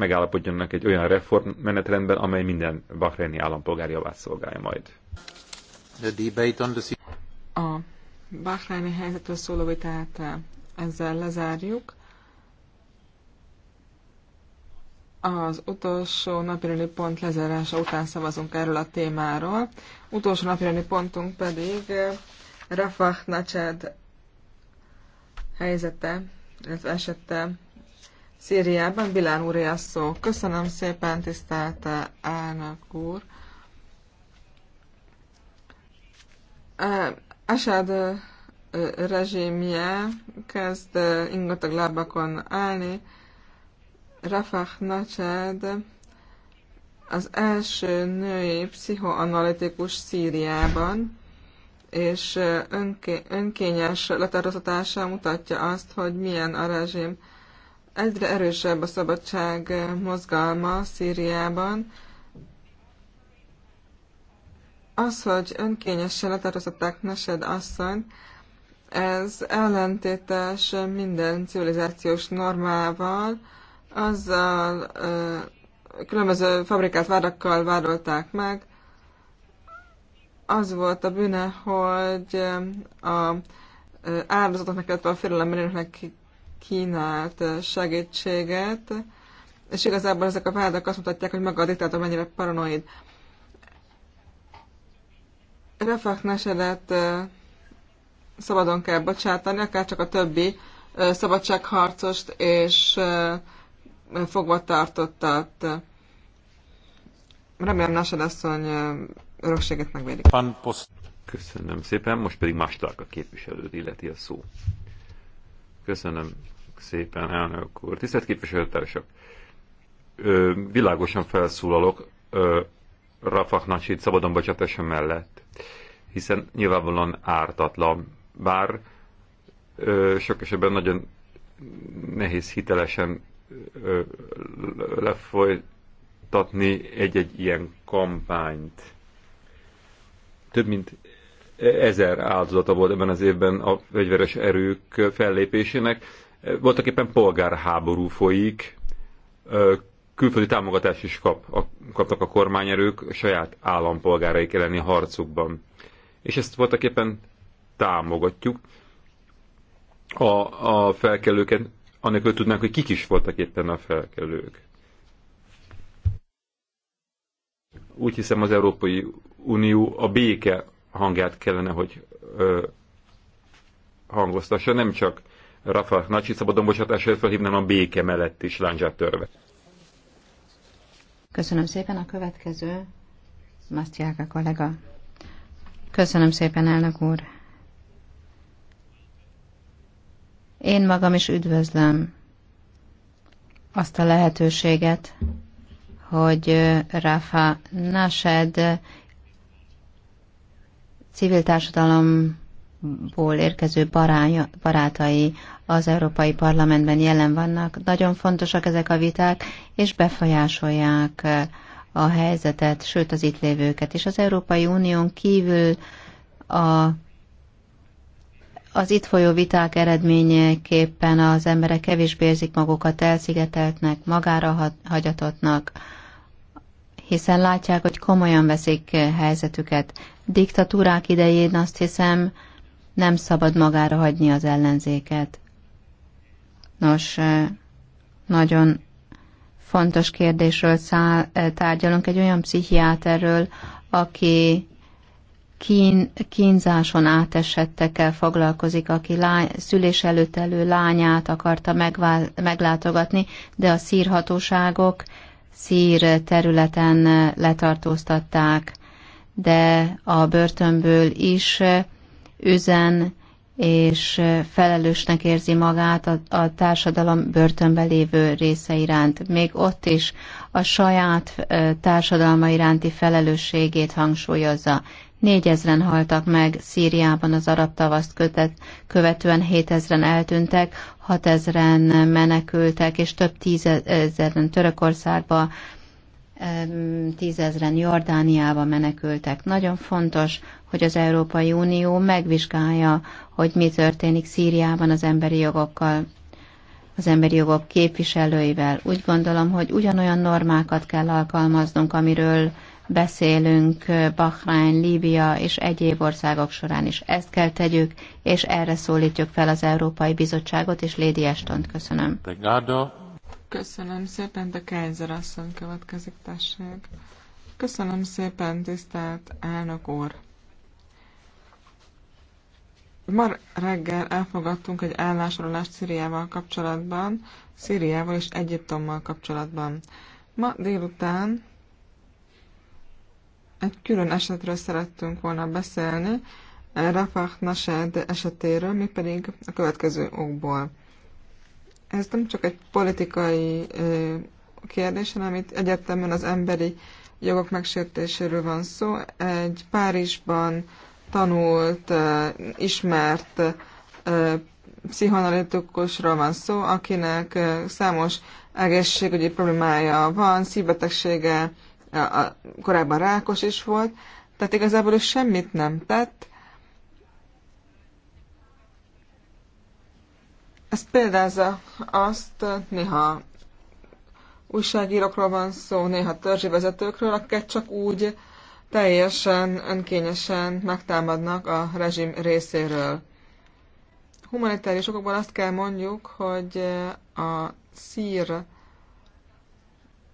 megállapodjanak egy olyan reformmenetrendben, amely minden bahreini állampolgár javát szolgálja majd. A bahreini helyzetről szóló vitát eh, ezzel lezárjuk. Az utolsó napirani pont lezárása után szavazunk erről a témáról. Utolsó napirani pontunk pedig eh, Rafah Nacsed helyzete, ez esette Szíriában. Bilán úr szó. Köszönöm szépen, tisztelt elnök úr. Asad rezsimje kezd ingatag lábakon állni. Rafah Nacsed, az első női pszichoanalitikus Szíriában, és önké, önkényes letározatása mutatja azt, hogy milyen a rezsim Egyre erősebb a szabadság mozgalma Szíriában. Az, hogy önkényesen letartóztatták Nesed asszony, ez ellentétes minden civilizációs normával, azzal különböző fabrikált vádakkal vádolták meg. Az volt a bűne, hogy a áldozatoknak, illetve a félelembelének kínált segítséget, és igazából ezek a vádak azt mutatják, hogy maga a diktátor mennyire paranoid. Refak Nesedet szabadon kell bocsátani, akár csak a többi szabadságharcost és fogva tartottat. Remélem Nesed asszony örökséget megvédik. Köszönöm szépen, most pedig Mastálka képviselőt illeti a szó. Köszönöm szépen, elnök úr. Tisztelt képviselőtársak! Ö, világosan felszólalok ö, Rafah szabadon bocsátása mellett, hiszen nyilvánvalóan ártatlan, bár ö, sok esetben nagyon nehéz hitelesen ö, lefolytatni egy-egy ilyen kampányt. Több mint ezer áldozata volt ebben az évben a fegyveres erők fellépésének. Voltak éppen polgárháború folyik, külföldi támogatást is kap, a, kaptak a kormányerők a saját állampolgáraik elleni harcukban. És ezt voltak éppen támogatjuk. A, a felkelőket, anélkül tudnánk, hogy kik is voltak éppen a felkelők. Úgy hiszem az Európai Unió a béke hangját kellene, hogy ö, hangoztassa, nem csak Rafa Nacsi szabadonbocsátásáért felhívnám a béke mellett is láncsát törve. Köszönöm szépen a következő, Masztiáka kollega. Köszönöm szépen, elnök úr. Én magam is üdvözlöm azt a lehetőséget, hogy Rafa Nased civil társadalomból érkező barája, barátai az Európai Parlamentben jelen vannak. Nagyon fontosak ezek a viták, és befolyásolják a helyzetet, sőt az itt lévőket. És az Európai Unión kívül a, az itt folyó viták eredményeképpen az emberek kevésbé érzik magukat elszigeteltnek, magára hagyatottnak, hiszen látják, hogy komolyan veszik eh, helyzetüket. Diktatúrák idején azt hiszem nem szabad magára hagyni az ellenzéket. Nos, eh, nagyon fontos kérdésről eh, tárgyalunk, egy olyan pszichiáterről, aki kín, kínzáson átesettekkel foglalkozik, aki lány, szülés előtt elő lányát akarta megvál, meglátogatni, de a szírhatóságok szír területen letartóztatták, de a börtönből is üzen és felelősnek érzi magát a, a társadalom börtönbe lévő része iránt. Még ott is a saját társadalma iránti felelősségét hangsúlyozza. Négyezren haltak meg Szíriában az arab tavaszt kötet, követően 7000-en eltűntek, 6000-en menekültek, és több tízezeren Törökországba, tízezren Jordániába menekültek. Nagyon fontos, hogy az Európai Unió megvizsgálja, hogy mi történik Szíriában az emberi jogokkal az emberi jogok képviselőivel. Úgy gondolom, hogy ugyanolyan normákat kell alkalmaznunk, amiről beszélünk eh, Bahrain, Líbia és egyéb országok során is. Ezt kell tegyük, és erre szólítjuk fel az Európai Bizottságot és Lady Estont. Köszönöm. Köszönöm szépen, de Kaiser asszony következik, tessék. Köszönöm szépen, tisztelt elnök úr. Ma reggel elfogadtunk egy állásolást Szíriával kapcsolatban, Szíriával és Egyiptommal kapcsolatban. Ma délután egy külön esetről szerettünk volna beszélni, Rafah Nased esetéről, mi pedig a következő okból. Ez nem csak egy politikai kérdés, hanem itt egyetemben az emberi jogok megsértéséről van szó. Egy Párizsban tanult, ismert pszichoanalitikusról van szó, akinek számos egészségügyi problémája van, szívbetegsége, a, korábban rákos is volt, tehát igazából ő semmit nem tett. Ez példázza azt, néha újságírókról van szó, néha vezetőkről, akiket csak úgy teljesen önkényesen megtámadnak a rezsim részéről. Humanitárius okokból azt kell mondjuk, hogy a szír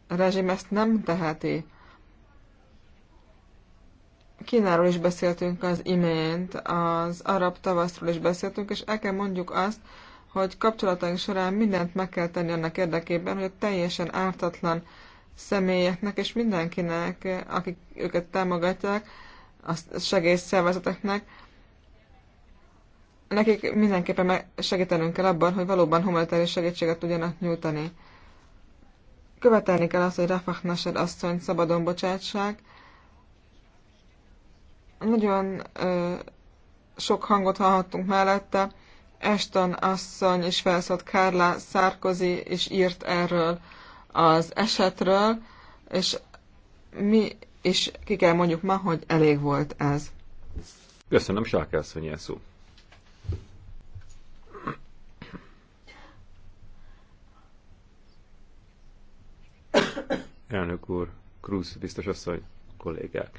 rezsim ezt nem teheti. Kínáról is beszéltünk az imént, az arab tavaszról is beszéltünk, és el kell mondjuk azt, hogy kapcsolataink során mindent meg kell tenni annak érdekében, hogy a teljesen ártatlan személyeknek és mindenkinek, akik őket támogatják, a segélyszervezeteknek, nekik mindenképpen segítenünk kell abban, hogy valóban humanitárius segítséget tudjanak nyújtani követelni kell azt, hogy Rafah Nasser asszonyt szabadon bocsátsák. Nagyon ö, sok hangot hallhattunk mellette. Eston asszony is felszólt, Kárla Szárkozi is írt erről az esetről, és mi is ki kell mondjuk ma, hogy elég volt ez. Köszönöm, Sákászony, szó. Elnök úr, Cruz biztos asszony, kollégák.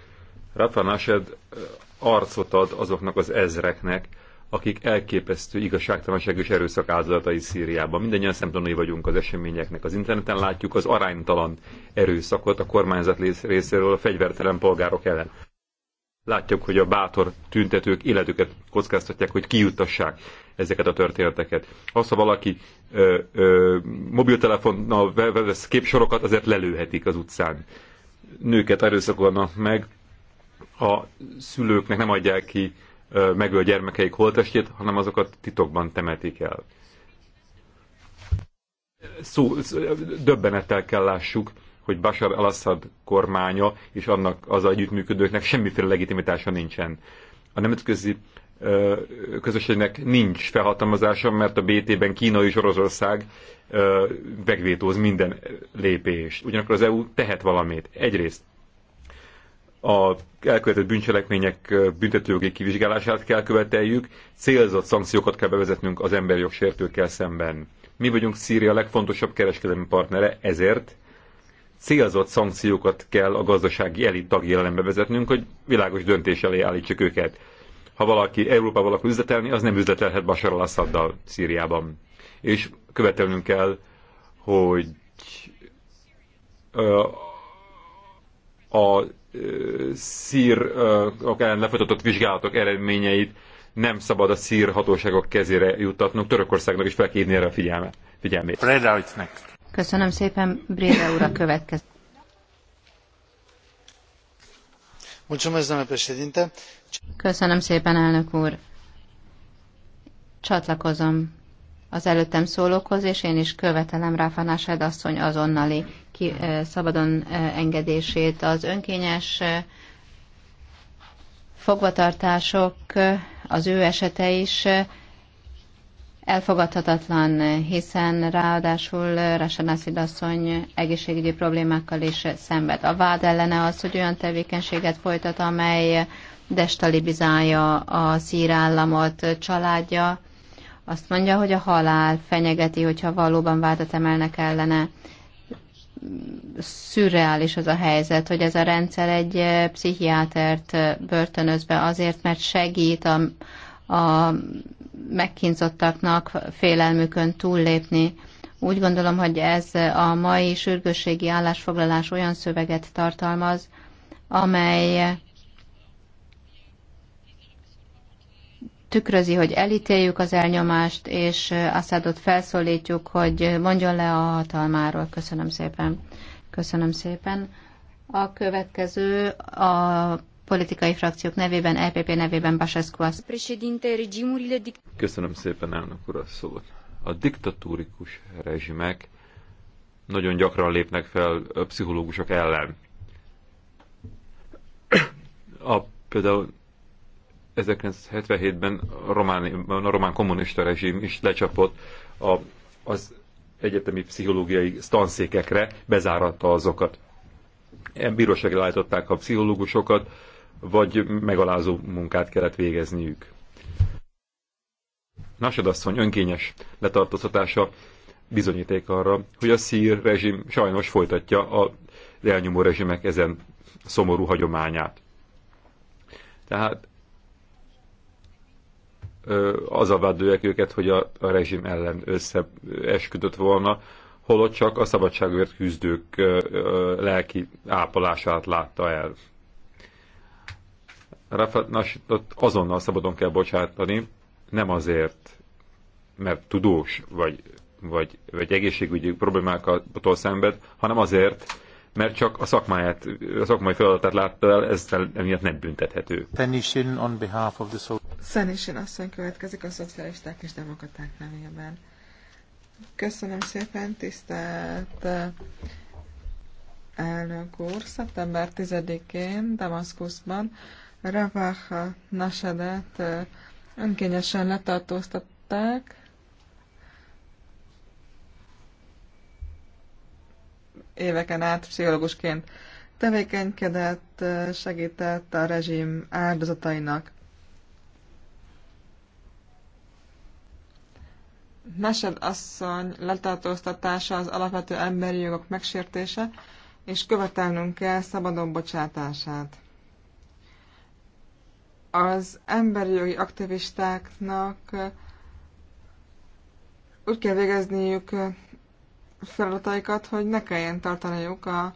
Rafa Nased eh, arcot ad azoknak az ezreknek, akik elképesztő igazságtalanság és erőszak áldozatai Szíriában. Mindennyian szemtanúi vagyunk az eseményeknek. Az interneten látjuk az aránytalan erőszakot a kormányzat részéről a fegyvertelen polgárok ellen. Látjuk, hogy a bátor tüntetők életüket kockáztatják, hogy kijutassák ezeket a történeteket. Az, ha szóval valaki ö, ö, mobiltelefonnal vesz képsorokat, azért lelőhetik az utcán. Nőket erőszakolnak meg, a szülőknek nem adják ki ö, megöl gyermekeik holtestét, hanem azokat titokban temetik el. Szó, szó, döbbenettel kell lássuk, hogy Bashar al-Assad kormánya és annak az együttműködőknek semmiféle legitimitása nincsen. A nemzetközi közösségnek nincs felhatalmazása, mert a BT-ben Kína és Oroszország megvétóz minden lépést. Ugyanakkor az EU tehet valamit. Egyrészt a elkövetett bűncselekmények büntetőjogi kivizsgálását kell követeljük, célzott szankciókat kell bevezetnünk az emberjogsértőkkel szemben. Mi vagyunk Szíria legfontosabb kereskedelmi partnere, ezért célzott szankciókat kell a gazdasági elit tagjelenbe vezetnünk, hogy világos döntés elé állítsuk őket. Ha valaki Európával akar üzletelni, az nem üzletelhet Bashar al-Assaddal Szíriában. És követelnünk kell, hogy a szírok ellen lefolytatott vizsgálatok eredményeit nem szabad a szír hatóságok kezére juttatnunk. Törökországnak is fel kell erre a figyelmet. figyelmét. Köszönöm szépen, Bréve úr a következő. Köszönöm szépen, elnök úr. Csatlakozom az előttem szólókhoz, és én is követelem Ráfanásed asszony azonnali ki, szabadon engedését. Az önkényes fogvatartások, az ő esete is elfogadhatatlan, hiszen ráadásul Rasanaszid asszony egészségügyi problémákkal is szenved. A vád ellene az, hogy olyan tevékenységet folytat, amely destalibizálja a szírállamot családja. Azt mondja, hogy a halál fenyegeti, hogyha valóban vádat emelnek ellene. Szürreális az a helyzet, hogy ez a rendszer egy pszichiátert börtönöz be azért, mert segít a, a megkínzottaknak félelmükön túllépni. Úgy gondolom, hogy ez a mai sürgősségi állásfoglalás olyan szöveget tartalmaz, amely tükrözi, hogy elítéljük az elnyomást, és Assadot felszólítjuk, hogy mondjon le a hatalmáról. Köszönöm szépen. Köszönöm szépen. A következő a politikai frakciók nevében, LPP e nevében Basescu az. Köszönöm szépen, elnök úr, a szót. A diktatúrikus rezsimek nagyon gyakran lépnek fel pszichológusok ellen. A, például 1977-ben a román, a román kommunista rezsim is lecsapott a, az egyetemi pszichológiai tanszékekre, bezáratta azokat. Bíróságra állították a pszichológusokat, vagy megalázó munkát kellett végezniük. Nasad asszony önkényes letartóztatása bizonyíték arra, hogy a szír rezsim sajnos folytatja a elnyomó rezsimek ezen szomorú hagyományát. Tehát az a vádolják őket, hogy a, a rezsim ellen összeesküdött volna, holott csak a szabadságért küzdők lelki ápolását látta el. Rafat azonnal szabadon kell bocsátani, nem azért, mert tudós vagy, vagy, vagy egészségügyi problémákatól szenved, hanem azért, mert csak a szakmáját, a szakmai feladatát látta el, ez emiatt nem büntethető. Szenishin on behalf of the Szenishin asszony következik a szocialisták és demokraták nevében. Köszönöm szépen, tisztelt eh, elnök úr. Szeptember 10-én Damaszkuszban Ravaha Nasedet önkényesen letartóztatták. Éveken át pszichológusként tevékenykedett, segített a rezsim áldozatainak. Nesed asszony letartóztatása az alapvető emberi jogok megsértése, és követelnünk kell szabadon bocsátását az emberi jogi aktivistáknak úgy kell végezniük feladataikat, hogy ne kelljen tartaniuk a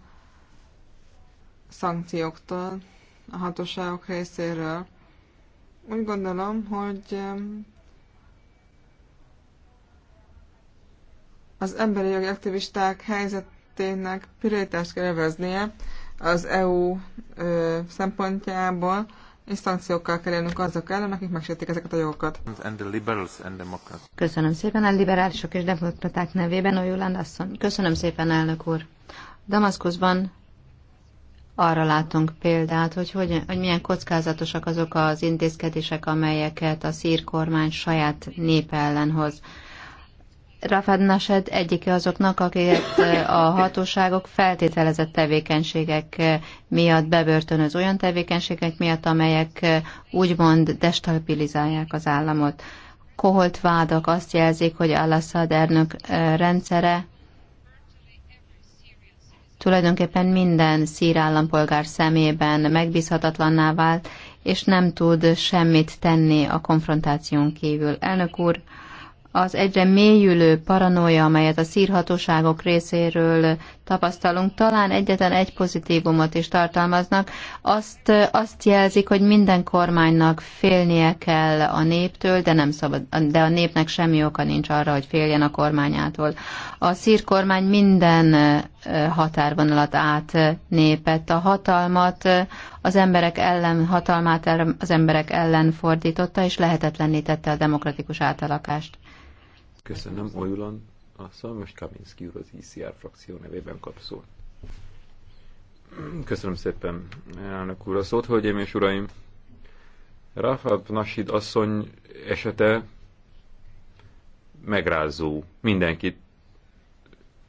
szankcióktól, a hatóságok részéről. Úgy gondolom, hogy az emberi jogi aktivisták helyzetének pirítást kell az EU szempontjából, és szankciókkal kell élnünk azok ellen, akik megsértik ezeket a jogokat. Köszönöm szépen a liberálisok és demokraták nevében, Olyulán asszony. Köszönöm szépen, elnök úr. Damaszkuszban arra látunk példát, hogy, hogy, hogy milyen kockázatosak azok az intézkedések, amelyeket a szír kormány saját nép ellen hoz. Rafad Nased egyike azoknak, akiket a hatóságok feltételezett tevékenységek miatt bebörtönöz, olyan tevékenységek miatt, amelyek úgymond destabilizálják az államot. Koholt vádak azt jelzik, hogy Al-Assad ernök rendszere tulajdonképpen minden szír állampolgár szemében megbízhatatlanná vált, és nem tud semmit tenni a konfrontáción kívül. Elnök úr, az egyre mélyülő paranoia, amelyet a szírhatóságok részéről tapasztalunk, talán egyetlen egy pozitívumot is tartalmaznak. Azt, azt jelzik, hogy minden kormánynak félnie kell a néptől, de, nem szabad, de a népnek semmi oka nincs arra, hogy féljen a kormányától. A szír kormány minden határvonalat átnépett, a hatalmat az emberek ellen, hatalmát az emberek ellen fordította, és lehetetlenítette a demokratikus átalakást. Köszönöm, Ojulan. A Szalmas Kaminski úr az ICR e frakció nevében kap szót. Köszönöm szépen, elnök úr, a szót, hölgyeim és uraim. Rafab Nasid asszony esete megrázó. Mindenkit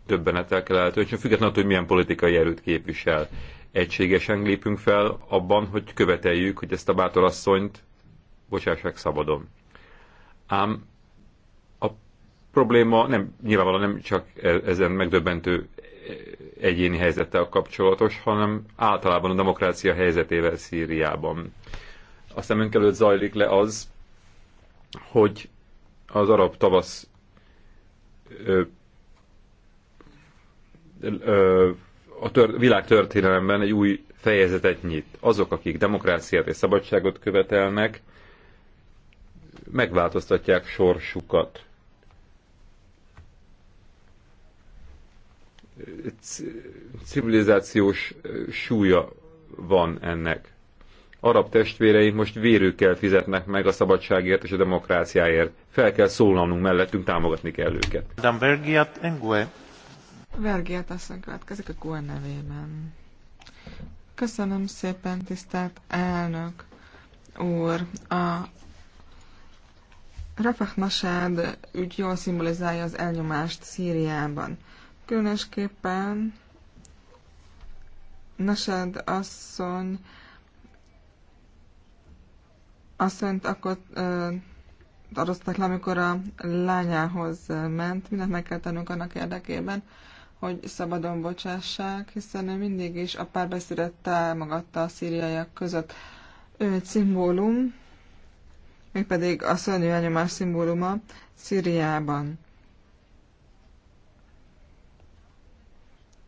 többenetel kell eltöltsön, függetlenül, hogy milyen politikai erőt képvisel. Egységesen lépünk fel abban, hogy követeljük, hogy ezt a bátor asszonyt bocsássák szabadon. Ám probléma nem, nyilvánvalóan nem csak e, ezen megdöbbentő egyéni helyzettel kapcsolatos, hanem általában a demokrácia helyzetével Szíriában. A szemünk előtt zajlik le az, hogy az arab tavasz ö, ö, a tör, világ történelemben egy új fejezetet nyit. Azok, akik demokráciát és szabadságot követelnek, megváltoztatják sorsukat civilizációs súlya van ennek. Arab testvéreink most vérőkkel fizetnek meg a szabadságért és a demokráciáért. Fel kell szólalnunk mellettünk, támogatni kell őket. Dan Vergiat Engue. Vergiat aztán következik a GUE nevében. Köszönöm szépen, tisztelt elnök úr. A Rafah Masád ügy jól szimbolizálja az elnyomást Szíriában. Különösképpen Nased asszony asszonyt akkor tarozták le, amikor a lányához ment. Mindent meg kell tennünk annak érdekében, hogy szabadon bocsássák, hiszen ő mindig is a párbeszédet támogatta a szíriaiak között. Ő egy szimbólum, mégpedig a szörnyű elnyomás szimbóluma Szíriában.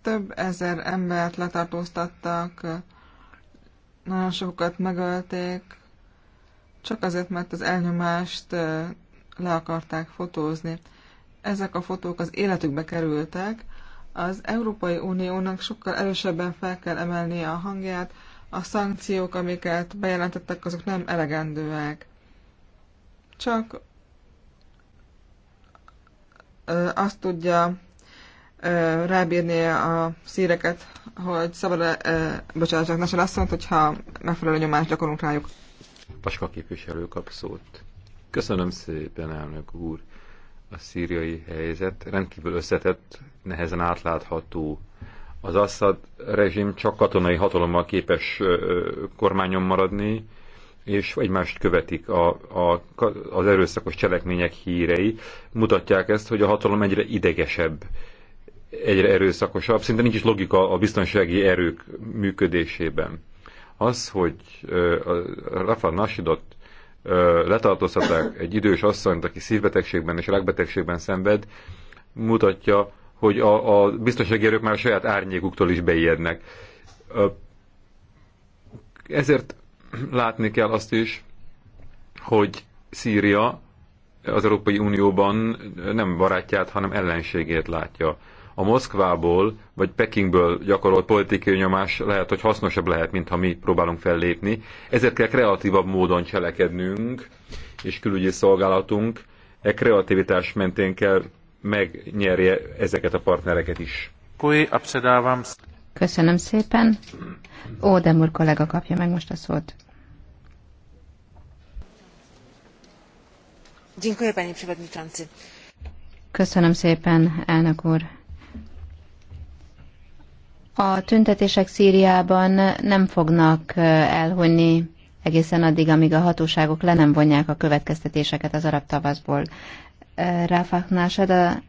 több ezer embert letartóztattak, nagyon sokat megölték, csak azért, mert az elnyomást le akarták fotózni. Ezek a fotók az életükbe kerültek. Az Európai Uniónak sokkal erősebben fel kell emelnie a hangját, a szankciók, amiket bejelentettek, azok nem elegendőek. Csak azt tudja rábírni a szíreket, hogy szabad -e, bocsánat, csak Nasser azt mondta, hogyha megfelelő nyomást gyakorlunk rájuk. Paska képviselő kap szót. Köszönöm szépen, elnök úr. A szíriai helyzet rendkívül összetett, nehezen átlátható. Az Assad rezsim csak katonai hatalommal képes kormányon maradni, és egymást követik a, a, az erőszakos cselekmények hírei, mutatják ezt, hogy a hatalom egyre idegesebb egyre erőszakosabb, szinte nincs is logika a biztonsági erők működésében. Az, hogy Rafa Nasidot letartóztatták egy idős asszonyt, aki szívbetegségben és rákbetegségben szenved, mutatja, hogy a, a biztonsági erők már a saját árnyékuktól is beijednek. Ezért látni kell azt is, hogy Szíria az Európai Unióban nem barátját, hanem ellenségét látja a Moszkvából vagy Pekingből gyakorolt politikai nyomás lehet, hogy hasznosabb lehet, mint ha mi próbálunk fellépni. Ezért kell kreatívabb módon cselekednünk, és külügyi szolgálatunk e kreativitás mentén kell megnyerje ezeket a partnereket is. Köszönöm szépen. Ódemur kollega kapja meg most a szót. Köszönöm szépen, elnök úr. A tüntetések Szíriában nem fognak elhunyni egészen addig, amíg a hatóságok le nem vonják a következtetéseket az arab tavaszból. Ráfák De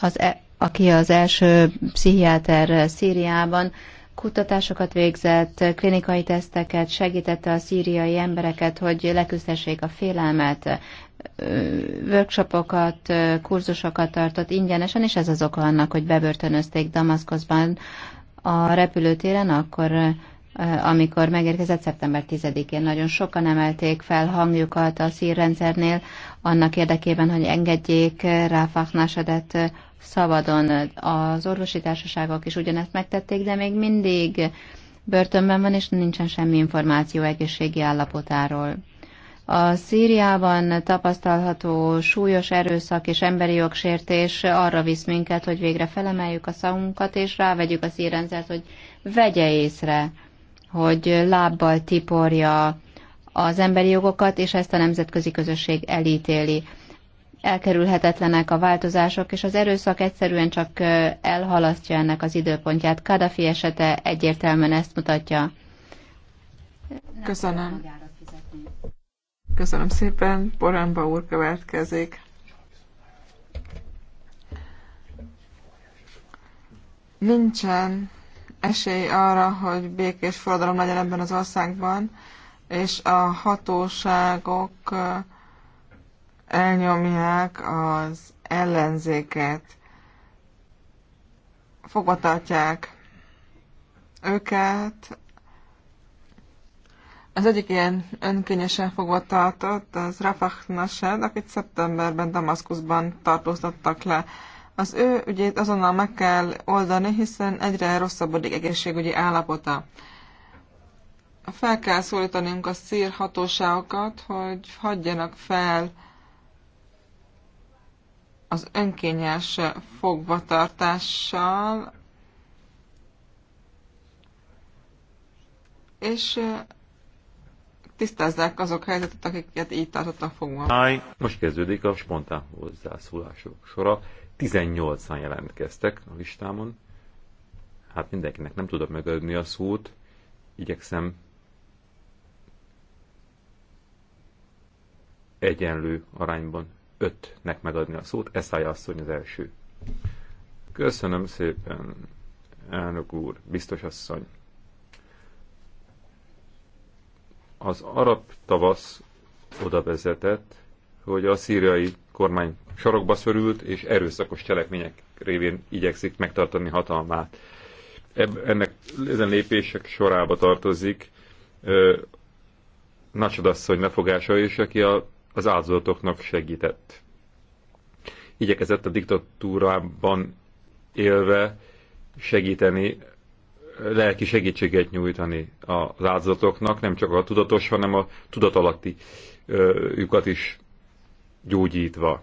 az, e, aki az első pszichiáter Szíriában, kutatásokat végzett, klinikai teszteket, segítette a szíriai embereket, hogy leküzdessék a félelmet, workshopokat, kurzusokat tartott ingyenesen, és ez az oka annak, hogy bebörtönözték Damaszkoszban a repülőtéren, akkor eh, amikor megérkezett szeptember 10-én. Nagyon sokan emelték fel hangjukat a szírrendszernél, annak érdekében, hogy engedjék rá Nasadet szabadon. Az orvosi társaságok is ugyanezt megtették, de még mindig börtönben van, és nincsen semmi információ egészségi állapotáról. A Szíriában tapasztalható súlyos erőszak és emberi jogsértés arra visz minket, hogy végre felemeljük a szavunkat, és rávegyük a szírendszert, hogy vegye észre, hogy lábbal tiporja az emberi jogokat, és ezt a nemzetközi közösség elítéli. Elkerülhetetlenek a változások, és az erőszak egyszerűen csak elhalasztja ennek az időpontját. Kadafi esete egyértelműen ezt mutatja. Köszönöm. Köszönöm szépen, Poránba úr következik. Nincsen esély arra, hogy békés forradalom legyen ebben az országban, és a hatóságok elnyomják az ellenzéket, fogvatartják őket, az egyik ilyen önkényesen fogva tartott az Rafah Nashed, akit szeptemberben Damaszkuszban tartóztattak le. Az ő ügyét azonnal meg kell oldani, hiszen egyre rosszabbodik egészségügyi állapota. Fel kell szólítanunk a szír hatóságokat, hogy hagyjanak fel az önkényes fogvatartással, és tisztázzák azok helyzetet, akiket így tartottak fogva. Most kezdődik a spontán hozzászólások sora. 18-an jelentkeztek a listámon. Hát mindenkinek nem tudok megadni a szót. Igyekszem egyenlő arányban ötnek megadni a szót. Eszája asszony az első. Köszönöm szépen, elnök úr, biztos asszony. Az arab tavasz oda vezetett, hogy a szíriai kormány sarokba szörült, és erőszakos cselekmények révén igyekszik megtartani hatalmát. Eb ennek ezen lépések sorába tartozik ö, Nacsodasszony lefogása is, aki a, az áldozatoknak segített. Igyekezett a diktatúrában élve segíteni lelki segítséget nyújtani az áldozatoknak, nem csak a tudatos, hanem a tudatalatti őket is gyógyítva.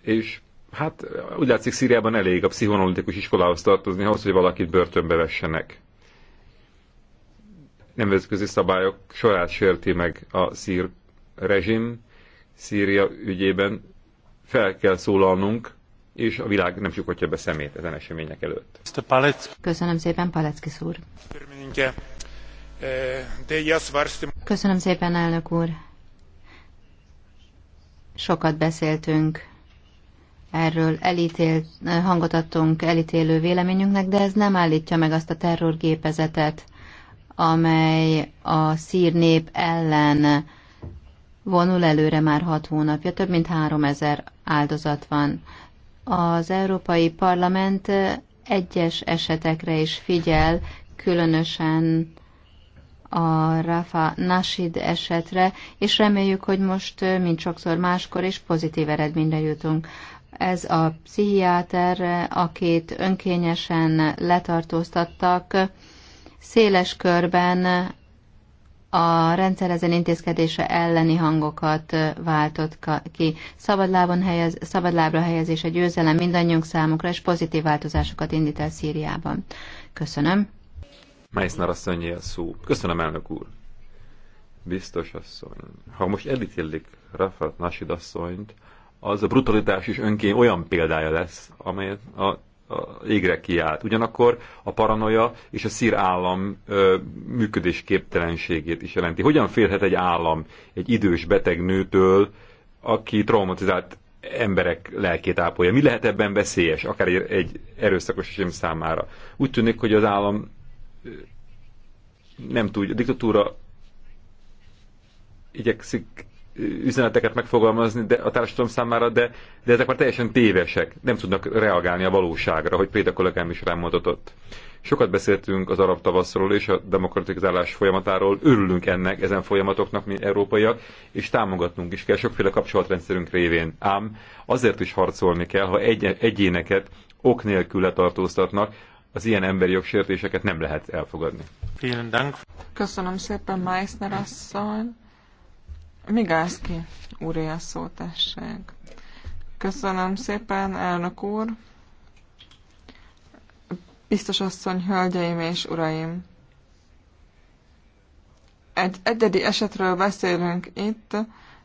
És hát úgy látszik Szíriában elég a pszichonalitikus iskolához tartozni ahhoz, hogy valakit börtönbe vessenek. Nemzetközi szabályok sorát sérti meg a szír rezsim, Szíria ügyében fel kell szólalnunk, és a világ nem csukhatja be szemét ezen események előtt. Köszönöm szépen, Paleckis úr. Eh, Köszönöm szépen, elnök úr. Sokat beszéltünk erről, elítél, hangot adtunk elítélő véleményünknek, de ez nem állítja meg azt a terrorgépezetet, amely a szír nép ellen vonul előre már hat hónapja, több mint három ezer áldozat van. Az Európai Parlament egyes esetekre is figyel, különösen a Rafa Nasid esetre, és reméljük, hogy most, mint sokszor máskor is pozitív eredményre jutunk. Ez a pszichiáter, akit önkényesen letartóztattak, széles körben a rendszer ezen intézkedése elleni hangokat váltott ki. Szabadlábon helyez, szabadlábra helyezés a győzelem mindannyiunk számukra, és pozitív változásokat indít el Szíriában. Köszönöm. Meissner asszonyé a szó. Köszönöm, elnök úr. Biztos asszony. Ha most elítélik Rafat Nasid asszonyt, az a brutalitás is önként olyan példája lesz, amelyet a égre kiált. Ugyanakkor a paranoia és a szír állam működés képtelenségét is jelenti. Hogyan félhet egy állam egy idős beteg nőtől, aki traumatizált emberek lelkét ápolja. Mi lehet ebben veszélyes, akár egy erőszakos sem számára? Úgy tűnik, hogy az állam nem tudja, a diktatúra igyekszik üzeneteket megfogalmazni de a társadalom számára, de, de ezek már teljesen tévesek. Nem tudnak reagálni a valóságra, hogy Péter kollégám is rámutatott. Sokat beszéltünk az arab tavaszról és a demokratizálás folyamatáról, örülünk ennek, ezen folyamatoknak, mi európaiak, és támogatnunk is kell sokféle kapcsolatrendszerünk révén. Ám azért is harcolni kell, ha egy, egyéneket ok nélkül letartóztatnak, az ilyen emberi jogsértéseket nem lehet elfogadni. Köszönöm szépen, Meissner asszony. Migászki úré a szó, Köszönöm szépen, elnök úr. Biztos asszony, hölgyeim és uraim. Egy egyedi esetről beszélünk itt,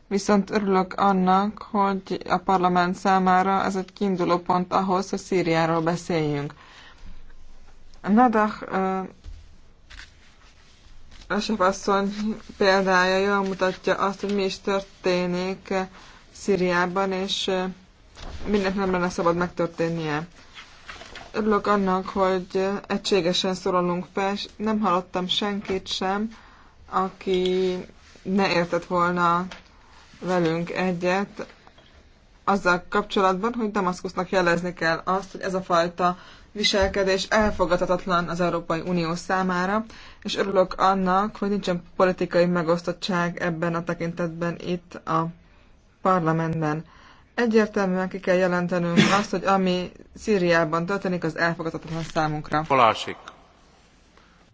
viszont örülök annak, hogy a parlament számára ez egy kiinduló pont ahhoz, hogy Szíriáról beszéljünk. Nadach Esef asszony példája jól mutatja azt, hogy mi is történik Szíriában, és mindent nem lenne szabad megtörténnie. Örülök annak, hogy egységesen szorolunk fel, és nem hallottam senkit sem, aki ne értett volna velünk egyet azzal kapcsolatban, hogy Damaszkusznak jelezni kell azt, hogy ez a fajta viselkedés elfogadhatatlan az Európai Unió számára, és örülök annak, hogy nincsen politikai megosztottság ebben a tekintetben itt a parlamentben. Egyértelműen ki kell jelentenünk azt, hogy ami Szíriában történik, az elfogadhatatlan számunkra. Mikolásik.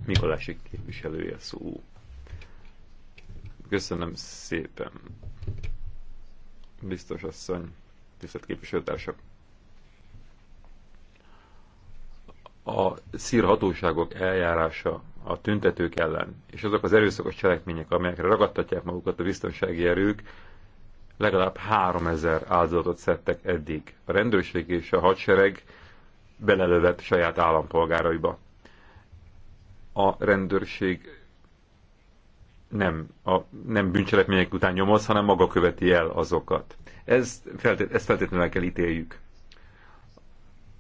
Mikolásik képviselője szó. Köszönöm szépen. Biztos asszony, tisztelt képviselőtársak. a szír hatóságok eljárása a tüntetők ellen, és azok az erőszakos cselekmények, amelyekre ragadtatják magukat a biztonsági erők, legalább 3000 áldozatot szedtek eddig. A rendőrség és a hadsereg belelövett saját állampolgáraiba. A rendőrség nem, a, nem bűncselekmények után nyomoz, hanem maga követi el azokat. Ezt, feltét, ezt feltétlenül kell ítéljük.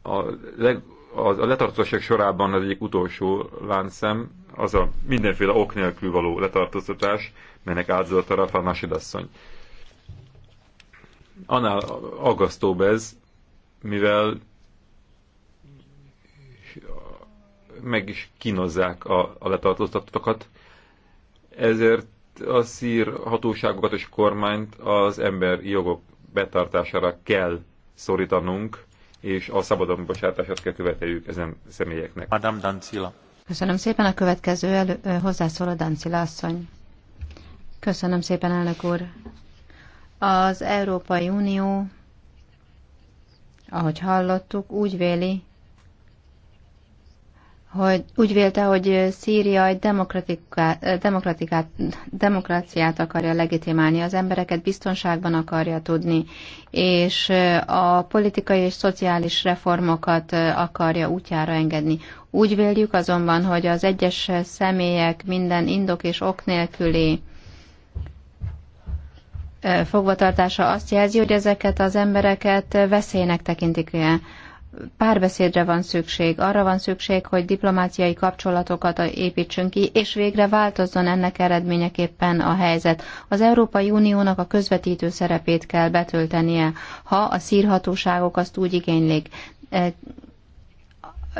A leg, az, a letartóztatások sorában az egyik utolsó láncszem, az a mindenféle ok nélkül való letartóztatás, melynek a Rafa Masidasszony. Annál aggasztóbb ez, mivel meg is kínozzák a, a letartóztatottakat, ezért a szír hatóságokat és kormányt az emberi jogok betartására kell szorítanunk, és a szabadon bocsátását kell követeljük ezen személyeknek. Madame Dancila. Köszönöm szépen a következő elő, hozzászóló Dancila asszony. Köszönöm szépen, elnök úr. Az Európai Unió, ahogy hallottuk, úgy véli, hogy úgy vélte, hogy Szíria egy demokratikát, demokráciát akarja legitimálni, az embereket biztonságban akarja tudni, és a politikai és szociális reformokat akarja útjára engedni. Úgy véljük azonban, hogy az egyes személyek minden indok és ok nélküli fogvatartása azt jelzi, hogy ezeket az embereket veszélynek tekintik -e párbeszédre van szükség, arra van szükség, hogy diplomáciai kapcsolatokat építsünk ki, és végre változzon ennek eredményeképpen a helyzet. Az Európai Uniónak a közvetítő szerepét kell betöltenie, ha a szírhatóságok azt úgy igénylik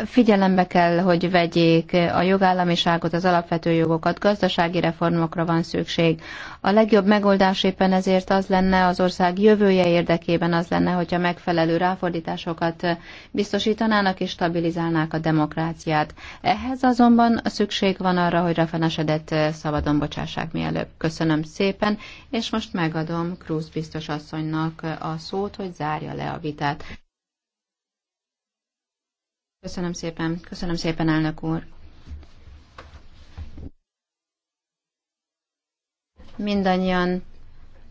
Figyelembe kell, hogy vegyék a jogállamiságot, az alapvető jogokat, gazdasági reformokra van szükség. A legjobb megoldás éppen ezért az lenne, az ország jövője érdekében az lenne, hogyha megfelelő ráfordításokat biztosítanának és stabilizálnák a demokráciát. Ehhez azonban szükség van arra, hogy rafenesedet szabadon bocsássák mielőbb. Köszönöm szépen, és most megadom Krúz biztos asszonynak a szót, hogy zárja le a vitát. Köszönöm szépen, köszönöm szépen, elnök úr. Mindannyian,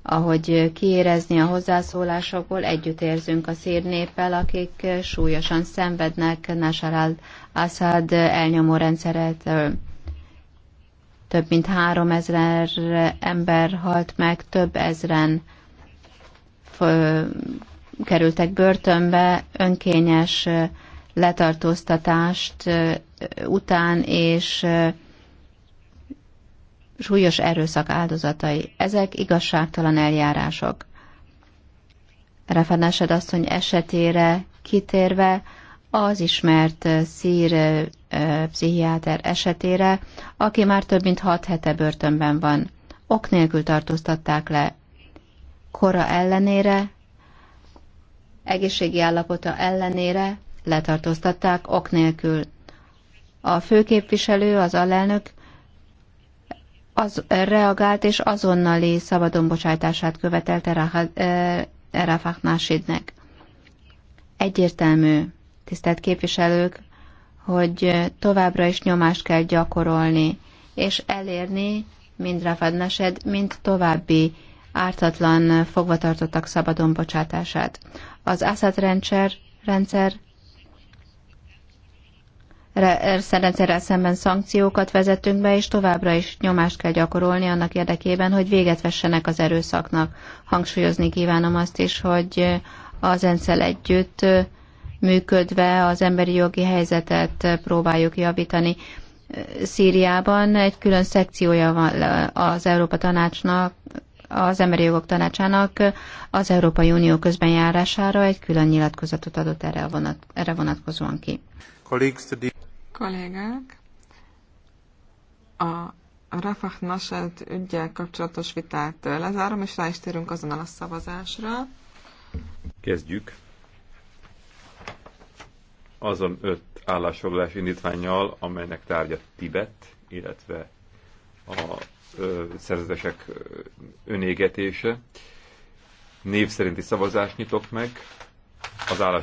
ahogy kiérezni a hozzászólásokból, együttérzünk a szír néppel, akik súlyosan szenvednek Nasar al-Assad elnyomó rendszeretől. Több mint három ezer ember halt meg, több ezren kerültek börtönbe önkényes letartóztatást után és súlyos erőszak áldozatai. Ezek igazságtalan eljárások. Refanesed asszony esetére kitérve az ismert szír pszichiáter esetére, aki már több mint hat hete börtönben van. Ok nélkül tartóztatták le. Kora ellenére, egészségi állapota ellenére letartóztatták ok nélkül. A főképviselő, az alelnök az reagált és azonnali szabadonbocsájtását követelte eh, Rafah Nasidnek. Egyértelmű, tisztelt képviselők, hogy továbbra is nyomást kell gyakorolni, és elérni mind Rafah Nasid, mind további ártatlan fogvatartottak szabadonbocsátását. Az Assad rendszer, rendszer rendszerrel er, szemben szankciókat vezetünk be, és továbbra is nyomást kell gyakorolni annak érdekében, hogy véget vessenek az erőszaknak. Hangsúlyozni kívánom azt is, hogy az ensz együtt működve az emberi jogi helyzetet próbáljuk javítani. Szíriában egy külön szekciója van az Európa Tanácsnak, az Emberi Jogok Tanácsának az Európai Unió közbenjárására egy külön nyilatkozatot adott erre, vonat, erre vonatkozóan ki. Kollégák, a Rafah Nasad ügyel kapcsolatos vitát lezárom, és rá is térünk azonnal a szavazásra. Kezdjük. Azon öt állásfoglalás indítványjal, amelynek tárgya Tibet, illetve a ö, szerzetesek önégetése. Név szerinti szavazást nyitok meg. Az állás